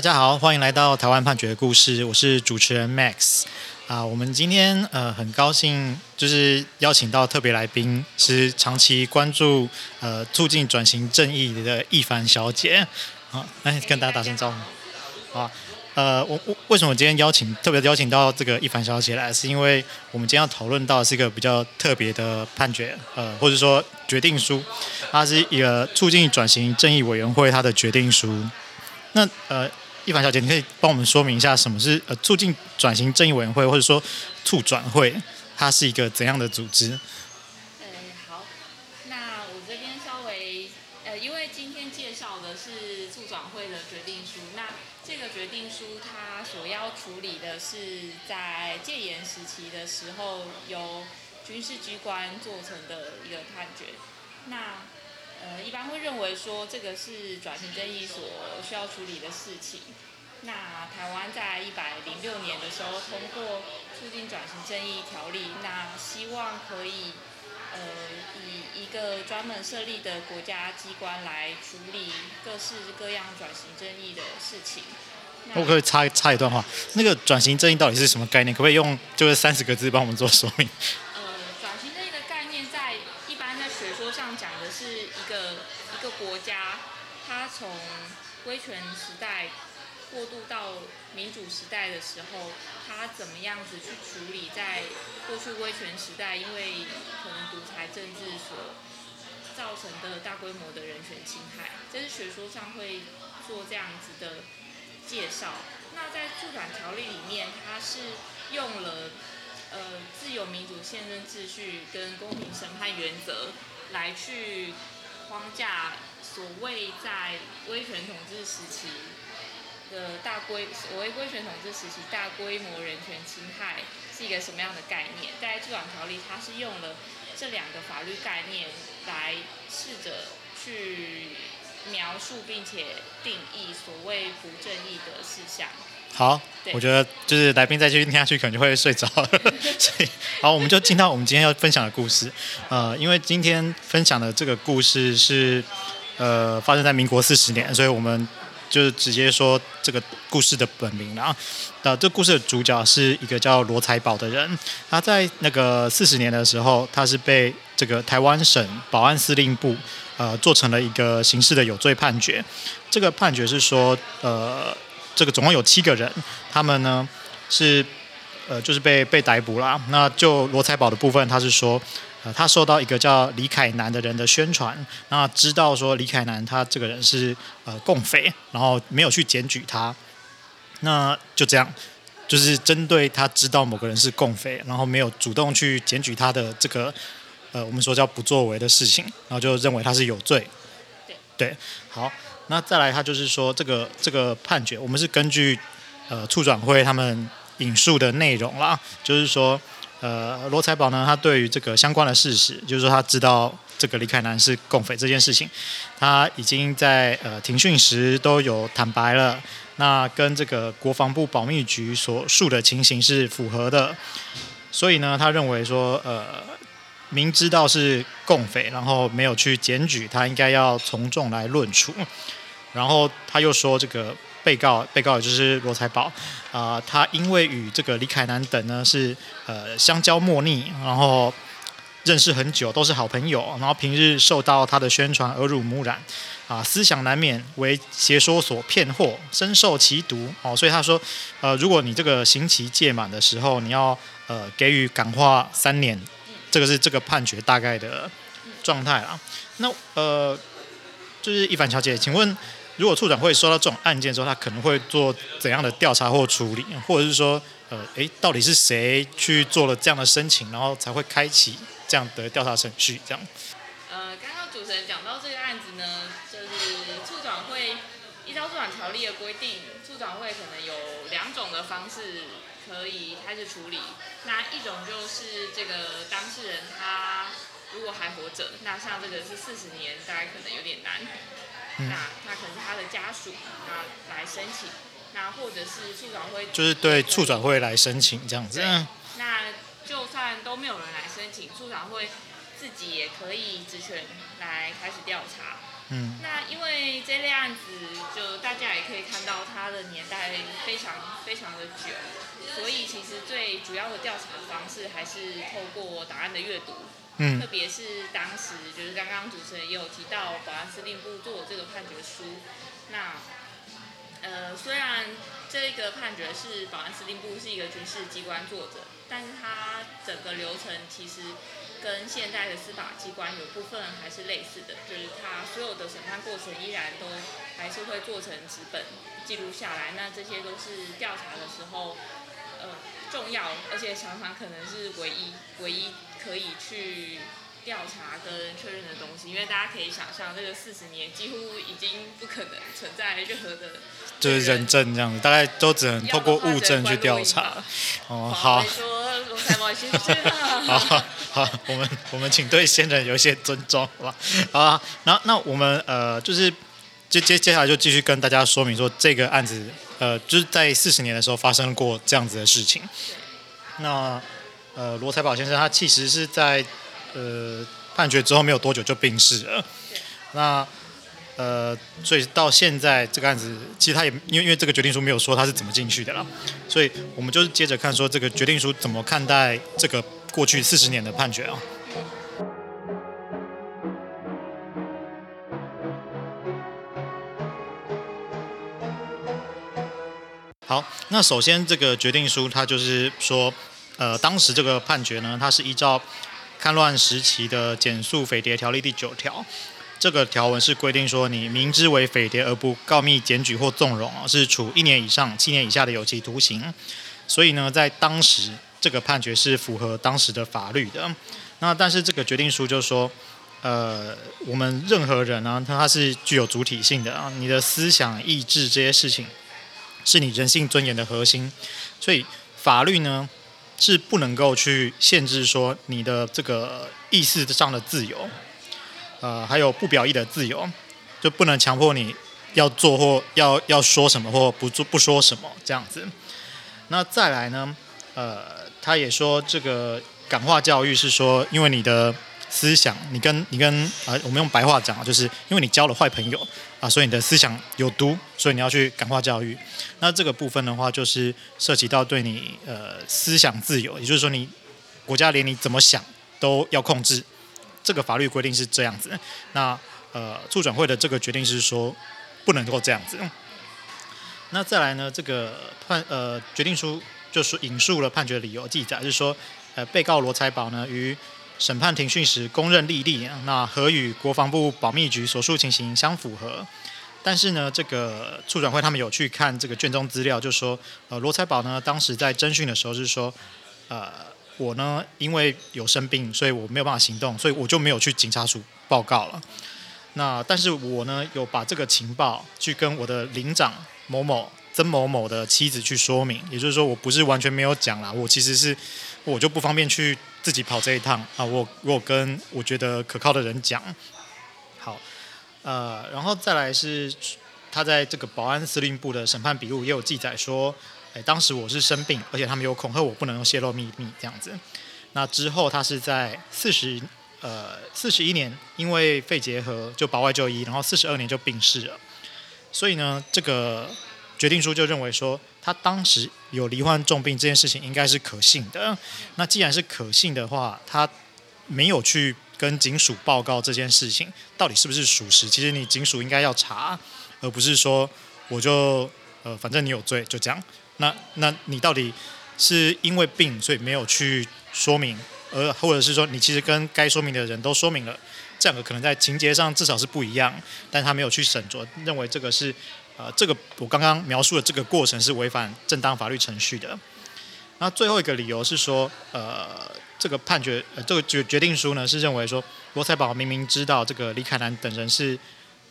大家好，歡迎來到台灣判決的故事。我是主持人 Max 啊，我們今天呃很高興，就是邀請到特別來賓是長期關注呃促進轉型正義的憶樊小姐好，來、啊哎、跟大家打聲招呼啊。呃，我，我為什麼今天邀請特別邀請到這個憶樊小姐來？是因為我們今天要討論到的是一個比較特別的判決呃，或者說決定書，它是一個促進轉型正義委員會它的決定書。那呃。憶樊小姐，你可以幫我們說明一下什麼是呃促進轉型正義委員會，或者說促轉會，它是一個怎樣的組織？嗯、呃，好，那我這邊稍微呃，因為今天介紹的是促轉會的決定書，那這個決定書它所要處理的是在戒嚴時期的時候，由軍事機關做成的一個判決，那。呃，一般會認為說這個是轉型正義所需要處理的事情。那台灣在一百零六年的時候通過《促進轉型正義條例》，那希望可以呃以一個專門設立的國家機關來處理各式各樣轉型正義的事情。我可以插插一段話，那個轉型正義到底是什麼概念？可不可以用就是三十個字幫我們做說明？國家它從威權時代過渡到民主時代的時候，它怎麼樣子去處理在過去威權時代因為可能獨裁政治所造成的大規模的人權侵害，這是學說上會做這樣子的介紹。那在促轉條例裡面，它是用了呃自由民主憲政秩序跟公平審判原則來去框架。所謂在威權統治時期的大規，所謂威權統治時期大規模人權侵害是一個什麼樣的概念？但在《治安條例》，它是用了這兩個法律概念來試着去描述並且定義所謂不正義的事項。好，對我覺得就是來賓再繼續聽下去，可能就會睡着。 所以，好，我們就進到我們今天要分享的故事。 呃，因為今天分享的這個故事是。呃，發生在民國四十年，所以我們就直接說這個故事的本名了。那，呃，這個故事的主角是一個叫羅財寶的人。他在那個四十年的時候，他是被這個台灣省保安司令部呃做成了一個刑事的有罪判決。這個判決是說，呃，這個總共有七個人，他們呢是呃就是被被逮捕了。那就羅財寶的部分，他是說。呃，他受到一個叫李凱南的人的宣傳，那知道說李凱南他這個人是呃共匪，然後沒有去檢舉他，那就這樣，就是針對他知道某個人是共匪，然後沒有主動去檢舉他的這個呃我們說叫不作為的事情，然後就認為他是有罪，對，好，那再來他就是說這個這個判決，我們是根據呃促轉會他們引述的內容啦，就是說。呃，羅財寶呢，他對於這個相關的事實，就是說他知道這個李凱南是共匪這件事情，他已經在呃庭訊時都有坦白了，那跟這個國防部保密局所述的情形是符合的，所以呢，他認為說，呃，明知道是共匪，然後沒有去檢舉，他應該要從重來論處，然後他又說這個。被告，被告也就是羅財寶，啊、呃，他因為與這個李凱南等呢是呃相交莫逆，然後認識很久，都是好朋友，然後平日受到他的宣傳耳濡目染，啊、呃，思想難免為邪說所騙惑，深受其毒哦、呃，所以他說，呃，如果你這個刑期屆滿的時候，你要呃給予感化三年，這個是這個判決大概的狀態啦，那呃就是憶樊小姐，請問。如果促轉會收到這種案件之後，他可能會做怎樣的調查或處理，或者是說，呃，哎，到底是誰去做了這樣的申請，然後才會開啟這樣的調查程序？這樣。呃，剛剛主持人講到這個案子呢，就是促轉會依照促轉條例的規定，促轉會可能有兩種的方式可以開始處理。那一種就是這個當事人他如果還活着，那像這個是四十年，大概可能有點難。嗯、那那可能是他的家屬那來申請，那或者是促轉會就是對促轉會來申請這樣子。嗯對。啊、那就算都沒有人來申請，促轉會自己也可以職權來開始調查。嗯。那因為這類案子，就大家也可以看到他的年代，非常非常的久，所以其實最主要的調查的方式還是透過檔案的閱讀，嗯、特別是當時就是剛剛主持人也有提到保安司令部做這個判決書，那呃雖然這個判決是保安司令部是一個軍事機關做的，但是它整個流程其實跟現在的司法機關有部分還是類似的，就是它所有的審判過程依然都。還是會做成紙本記錄下來，那這些都是調查的時候，呃，重要，而且常常可能是唯一唯一可以去調查跟確認的東西，因為大家可以想象，這個四十年幾乎已經不可能存在任何的認，就是人證這樣子，大概都只能透過物證去調查。哦，好。說三毛先生。好好，我們我們請對先人有一些尊重，好吧？好啊，那那我們呃就是。接接接下來就繼續跟大家說明說這個案子，呃，就是在四十年的時候發生過這樣子的事情。那呃，羅財寶先生他其實是在呃判決之後沒有多久就病逝了。那呃，所以到現在這個案子，其實他也因為因為這個決定書沒有說他是怎麼進去的啦，所以我們就是接着看說這個決定書怎麼看待這個過去四十年的判決啊。好，那首先這個決定書，它就是說，呃，當時這個判決呢，它是依照《戡亂時期的檢肅匪諜條例》第九條，這個條文是規定說，你明知為匪諜而不告密檢舉或縱容，是處一年以上七年以下的有期徒刑。所以呢，在當時這個判決是符合當時的法律的。那但是這個決定書就是說，呃，我們任何人呢、啊，他他是具有主體性的啊，你的思想意志這些事情。是你人性尊嚴的核心，所以法律呢，是不能夠去限制說你的這個意思上的自由，呃，還有不表意的自由，就不能強迫你要做或要要說什麼或不做不說什麼這樣子。那再來呢，呃，他也說這個感化教育是說，因為你的。思想，你跟你跟啊、呃，我們用白話講，就是因為你交了壞朋友啊、呃，所以你的思想有毒，所以你要去感化教育。那這個部分的話，就是涉及到對你呃思想自由，也就是說你，你國家連你怎麼想都要控制。這個法律規定是這樣子。那呃，促轉會的這個決定是說不能夠這樣子。那再來呢，這個判呃決定書就是引述了判決理由記載，就是說呃被告羅財寶呢於審判庭訊時，公認利利，那和與國防部保密局所述情形相符合？但是呢，這個促轉會他們有去看這個卷宗資料，就說，呃，羅財寶呢，當時在偵訊的時候是說，呃，我呢因為有生病，所以我沒有辦法行動，所以我就沒有去警察署報告了。那但是我呢，有把這個情報去跟我的領長某某曾某某的妻子去說明，也就是說，我不是完全沒有講啦，我其實是。我就不方便去自己跑這一趟啊！我我跟我覺得可靠的人講，好，呃，然後再來是，他在這個保安司令部的審判筆錄也有記載說，誒、欸，當時我是生病，而且他們有恐嚇我不能洩露秘密這樣子。那之後他是在四十呃四十一年，因為肺結核就保外就醫，然後四十二年就病逝了。所以呢，這個。決定書就認為說，他當時有罹患重病這件事情應該是可信的。那既然是可信的話，他沒有去跟警署報告這件事情，到底是不是屬實？其實你警署應該要查，而不是說我就呃，反正你有罪就這樣。那那你到底是因為病所以沒有去說明，而或者是說你其實跟該說明的人都說明了，這樣可能在情節上至少是不一樣，但他沒有去審酌，認為這個是。呃，這個我剛剛描述的這個過程是違反正當法律程序的。那最後一個理由是說，呃，這個判決，呃，這個決決定書呢，是認為說，羅財寶明明知道這個李凱南等人是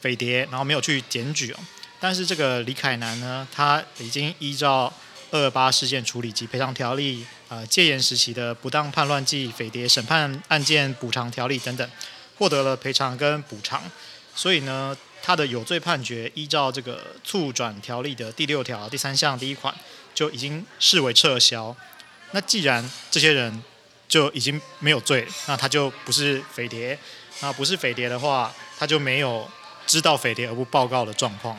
匪諜，然後沒有去檢舉，但是這個李凱南呢，他已經依照《二二八事件處理及賠償條例》、呃，《戒嚴時期的不當叛亂暨匪諜審判案件補償條例》等等，獲得了賠償跟補償。所以呢。他的有罪判決依照這個促轉條例的第六條第三項第一款，就已經視為撤銷。那既然這些人就已經沒有罪，那他就不是匪諜，那不是匪諜的話，他就沒有知道匪諜而不報告的狀況。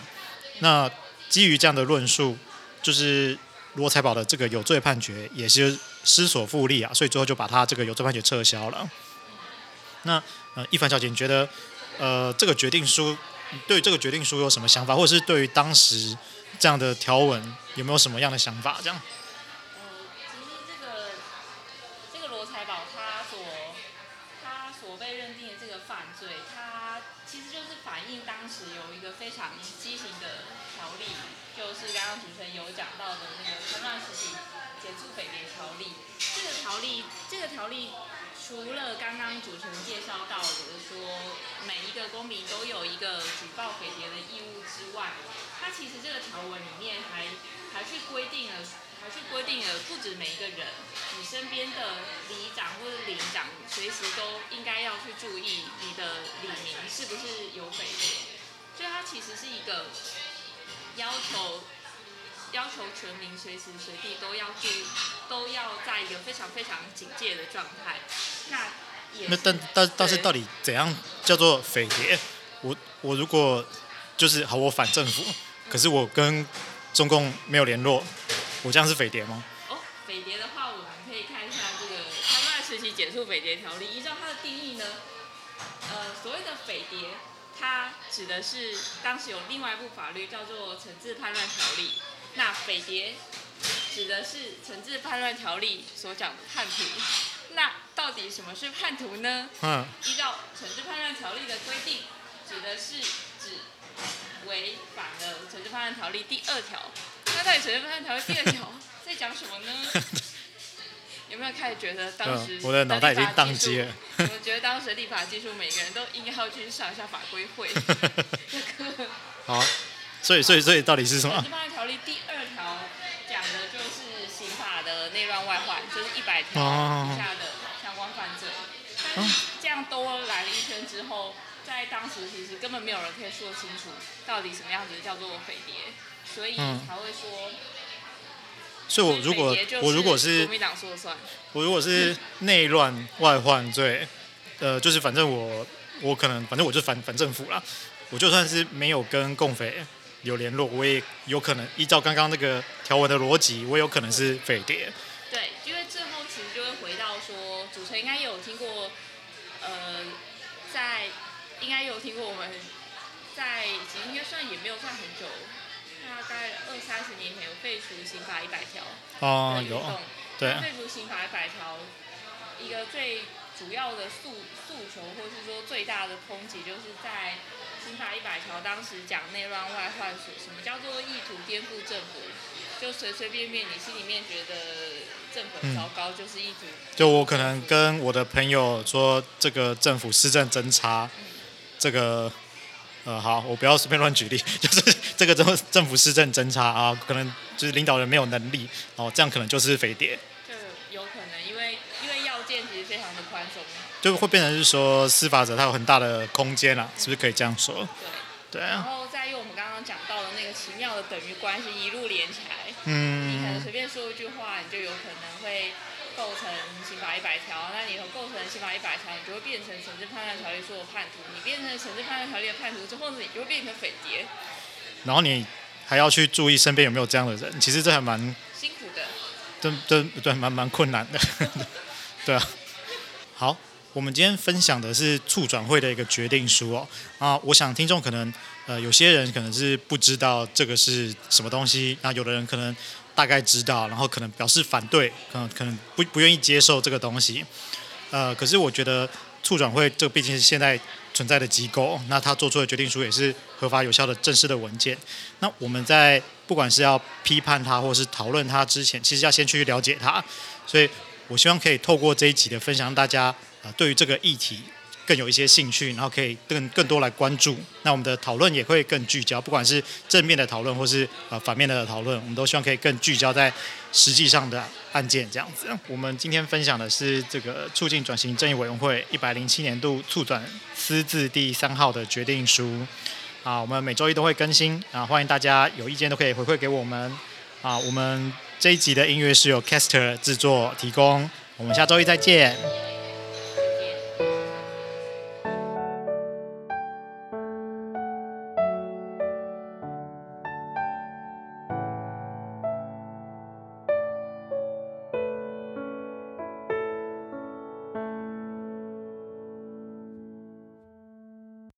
那基於這樣的論述，就是羅財寶的這個有罪判決也是失所附麗啊，所以最後就把他這個有罪判決撤銷了。那呃，憶樊小姐，你覺得呃這個決定書？對這個決定書有什麼想法，或者是對於當時這樣的條文有沒有什麼樣的想法？這樣？呃、嗯，其實這個這個羅財寶他所他所被認定的這個犯罪，他其實就是反映當時有一個非常畸形的條例，就是剛剛主持人有講到的那個《台灣實期協助匪諜條例》。這個條例，這個條例。除了剛剛主持人介紹到的說，每一個公民都有一個舉報匪諜的義務之外，他其實這個條文裡面還還去規定了，還去規定了不止，每一個人，你身邊的里長或者鄰長，隨時都應該要去注意你的里民是不是有匪諜，所以他其實是一個要求，要求全民隨時隨地都要注意，都要在一個非常非常警戒的狀態。那但但但是到底怎樣對叫做匪諜？我我，如果就是好，我反政府，可是我跟中共沒有聯絡，我這樣是匪諜嗎？哦，匪諜的話，我們可以看一下這個《戡亂時期檢肅匪諜條例》，依照他的定義呢，呃，所謂的匪諜，他指的是當時有另外一部法律叫做《懲治叛亂條例》，那匪諜指的是《懲治叛亂條例》所講的叛徒，那。到底什麼是叛徒呢？嗯，依照《懲治叛亂條例》的規定，指的是指違反了《懲治叛亂條例》第二條。那到底《懲治叛亂條例》第二條在講什麼呢？ 有沒有開始覺得當時、呃？我的腦袋已經宕機了。我覺得當時立法技術，每個人都應該要去上一下法規會。 好，所以所以所以到底是什麼？《懲治叛亂條例》第二條講的就是刑法的內亂外患，就是一百條這樣多來了一圈之後，在當時其實根本沒有人可以說清楚到底什麼樣子叫做匪諜，所以才會說。嗯、所以我我，我如果我如果是國民黨說了算，我如果是內亂外患罪，嗯、呃，就是反正我我可能反正我就反反政府啦，我就算是沒有跟共匪有聯絡，我也有可能依照剛剛那個條文的邏輯，我也有可能是匪諜。對，因為最後其實就會回到說，主持人應該有聽過。呃，在應該有聽過我們，在其實應該算也沒有算很久，大概二三十年前有廢除刑法一百條啊，有對，廢除刑法一百條。啊、一個最主要的訴訴求，或是說最大的抨擊，就是在刑法一百條當時講內亂外患，所什麼叫做意圖顛覆政府。就隨隨便便，你心裡面覺得政府糟糕，就是疫情。就我可能跟我的朋友說，這個政府施政真差，嗯、這個呃好，我不要隨便亂舉例，就是這個政政府施政真差啊，可能就是領導人沒有能力，哦、啊，這樣可能就是匪諜。就有可能，因為因為要件其實非常的寬鬆，就會變成是說司法者他有很大的空間啊，是不是可以這樣說？對對。然後再用我們剛剛講到的那個奇妙的等於關係，一路連起來。嗯，你可能隨便說一句話，你就有可能會構成刑法一百條。那你從構成刑法一百條，你就會變成懲治叛亂條例說的叛徒。你變成懲治叛亂條例的叛徒之後，呢，你就會變成匪諜。然後你還要去注意身邊有沒有這樣的人。其實這還蠻辛苦的，對對對，蠻蠻困難的， 對啊。好，我們今天分享的是促轉會的一個決定書哦。啊，我想聽眾可能。呃，有些人可能是不知道這個是什麼東西，那有的人可能大概知道，然後可能表示反對，可能可能不不願意接受這個東西。呃，可是我覺得促轉會這畢竟是現在存在的機構，那他做出的決定書也是合法有效的正式的文件。那我們在不管是要批判他或是討論他之前，其實要先去了解他。所以我希望可以透過這一集的分享，大家啊，呃，對於這個議題。更有一些興趣，然後可以更更多來關注，那我們的討論也會更聚焦，不管是正面的討論或是呃反面的討論，我們都希望可以更聚焦在實際上的案件這樣子。我們今天分享的是這個促進轉型正義委員會一百零七年度促轉司字第三號的決定書，啊，我們每周一都會更新，啊，歡迎大家有意見都可以回饋給我們，啊，我們這一集的音樂是由 Caster 製作提供，我們下周一再見。